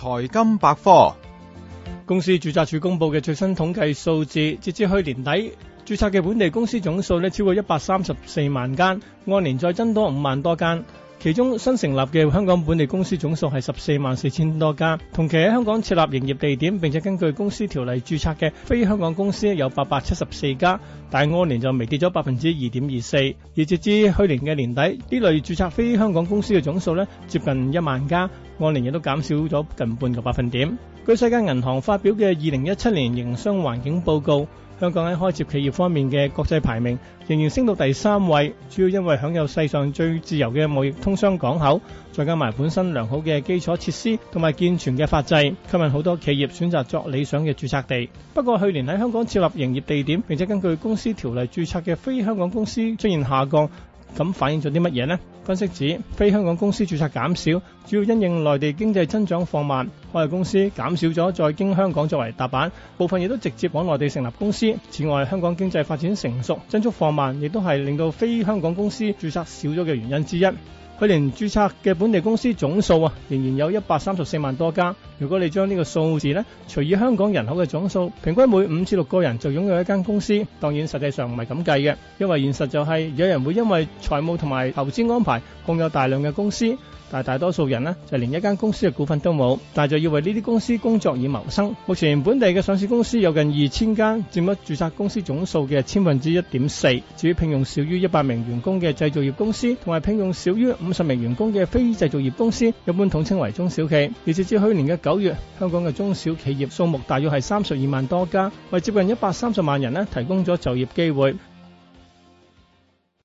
財金百科，公司註冊處公布嘅最新統計數字，截至去年底，註冊嘅本地公司總數咧超過一百三十四萬間，按年再增多五萬多間。其中新成立嘅香港本地公司總數係十四萬四千多家，同期喺香港設立營業地點，並且根據公司條例註冊嘅非香港公司有八百七十四家，但按年就微跌咗百分之二點二四。而截至去年嘅年底，呢類註冊非香港公司嘅總數咧接近一萬家，按年亦都減少咗近半個百分點。據世界銀行發表嘅二零一七年營商環境報告。香港喺開設企業方面嘅國際排名仍然升到第三位，主要因為享有世上最自由嘅貿易通商港口，再加埋本身良好嘅基礎設施同埋健全嘅法制，吸引好多企業選擇作理想嘅註冊地。不過去年喺香港設立營業地點並且根據公司條例註冊嘅非香港公司出現下降。咁反映咗啲乜嘢呢？分析指非香港公司註冊減少，主要因應內地經濟增長放慢，海外公司減少咗再經香港作為踏板，部分亦都直接往內地成立公司。此外，香港經濟發展成熟，增速放慢，亦都係令到非香港公司註冊少咗嘅原因之一。佢連註冊嘅本地公司總數啊，仍然有一百三十四萬多家。如果你將呢個數字咧，除以香港人口嘅總數，平均每五至六個人就擁有一間公司。當然，實際上唔係咁計嘅，因為現實就係有人會因為財務同埋投資安排，擁有大量嘅公司，但係大多數人呢，就連一間公司嘅股份都冇，但係就要為呢啲公司工作而謀生。目前本地嘅上市公司有近二千間，佔咗註冊公司總數嘅千分之一點四。至於聘用少於一百名員工嘅製造業公司，同埋聘用少於五十名員工嘅非製造業公司，一般統稱為中小企。而截至去年嘅九月，香港嘅中小企業數目大約係三十二萬多家，為接近一百三十萬人呢提供咗就業機會。